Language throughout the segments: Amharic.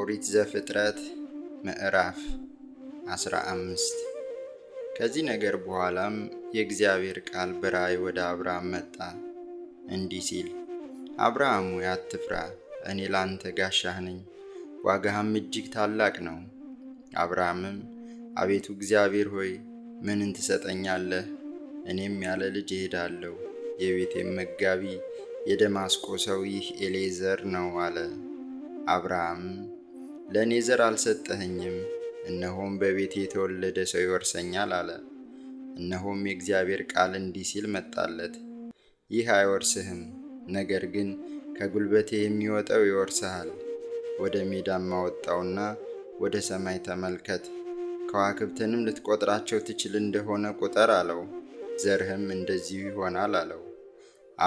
ኦሪት ዘፍጥረት ምዕራፍ 15 ከዚህ ነገር በኋላም የእግዚአብሔር ቃል በራእይ ወደ አብርሃም መጣ እንዲህ ሲል፣ አብርሃም ሆይ አትፍራ፣ እኔ ላንተ ጋሻህ ነኝ፣ ዋጋህም እጅግ ታላቅ ነው። አብርሃምም አቤቱ እግዚአብሔር ሆይ ምንን ትሰጠኛለህ? እኔም ያለ ልጅ እሄዳለሁ፣ የቤቴም መጋቢ የደማስቆ ሰው ይህ ኤሌዘር ነው አለ። አብርሃም ለእኔ ዘር አልሰጠኸኝም፣ እነሆም በቤቴ የተወለደ ሰው ይወርሰኛል አለ። እነሆም የእግዚአብሔር ቃል እንዲህ ሲል መጣለት፣ ይህ አይወርስህም፣ ነገር ግን ከጉልበቴ የሚወጣው ይወርስሃል። ወደ ሜዳም አወጣውና ወደ ሰማይ ተመልከት፣ ከዋክብትንም ልትቆጥራቸው ትችል እንደሆነ ቁጠር አለው። ዘርህም እንደዚሁ ይሆናል አለው።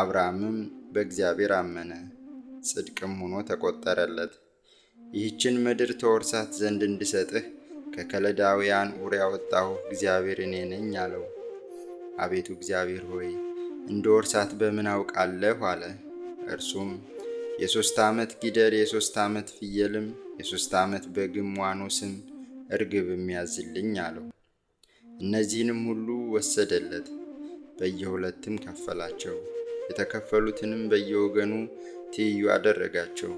አብርሃምም በእግዚአብሔር አመነ፣ ጽድቅም ሆኖ ተቆጠረለት። ይህችን ምድር ተወርሳት ዘንድ እንድሰጥህ ከከለዳውያን ኡር ያወጣሁ እግዚአብሔር እኔ ነኝ አለው። አቤቱ እግዚአብሔር ሆይ እንደ ወርሳት በምን አውቃለሁ አለ። እርሱም የሦስት ዓመት ጊደር፣ የሦስት ዓመት ፍየልም፣ የሦስት ዓመት በግም፣ ዋኖስም እርግብም ያዝልኝ አለው። እነዚህንም ሁሉ ወሰደለት፣ በየሁለትም ከፈላቸው። የተከፈሉትንም በየወገኑ ትይዩ አደረጋቸው።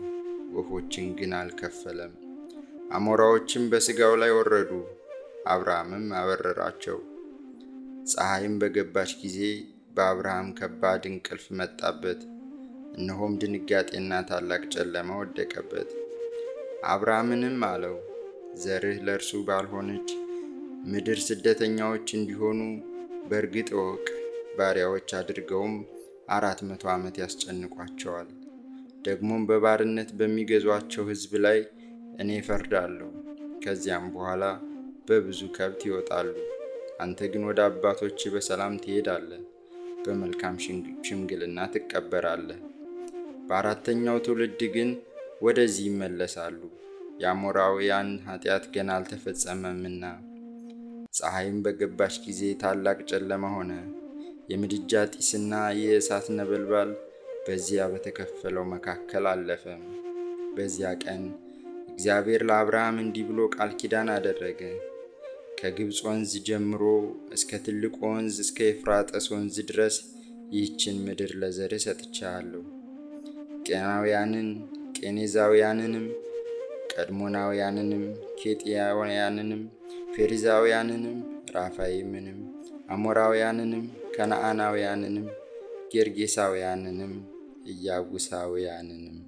ወፎችን ግን አልከፈለም። አሞራዎችም በሥጋው ላይ ወረዱ፣ አብርሃምም አበረራቸው። ፀሐይም በገባች ጊዜ በአብርሃም ከባድ እንቅልፍ መጣበት፣ እነሆም ድንጋጤና ታላቅ ጨለማ ወደቀበት። አብርሃምንም አለው ዘርህ ለእርሱ ባልሆነች ምድር ስደተኛዎች እንዲሆኑ በእርግጥ እወቅ። ባሪያዎች አድርገውም አራት መቶ ዓመት ያስጨንቋቸዋል። ደግሞም በባርነት በሚገዟቸው ሕዝብ ላይ እኔ እፈርዳለሁ። ከዚያም በኋላ በብዙ ከብት ይወጣሉ። አንተ ግን ወደ አባቶች በሰላም ትሄዳለህ፣ በመልካም ሽምግልና ትቀበራለህ። በአራተኛው ትውልድ ግን ወደዚህ ይመለሳሉ፣ የአሞራውያን ኃጢአት ገና አልተፈጸመምና። ፀሐይም በገባች ጊዜ ታላቅ ጨለማ ሆነ፣ የምድጃ ጢስና የእሳት ነበልባል በዚያ በተከፈለው መካከል አለፈ። በዚያ ቀን እግዚአብሔር ለአብርሃም እንዲህ ብሎ ቃል ኪዳን አደረገ። ከግብፅ ወንዝ ጀምሮ እስከ ትልቁ ወንዝ እስከ ኤፍራጠስ ወንዝ ድረስ ይህችን ምድር ለዘር ሰጥቻለሁ። ቄናውያንን፣ ቄኔዛውያንንም፣ ቀድሞናውያንንም፣ ኬጥያውያንንም፣ ፌሪዛውያንንም፣ ራፋይምንም፣ አሞራውያንንም፣ ከነአናውያንንም፣ ጌርጌሳውያንንም ኢያቡሳውያንንም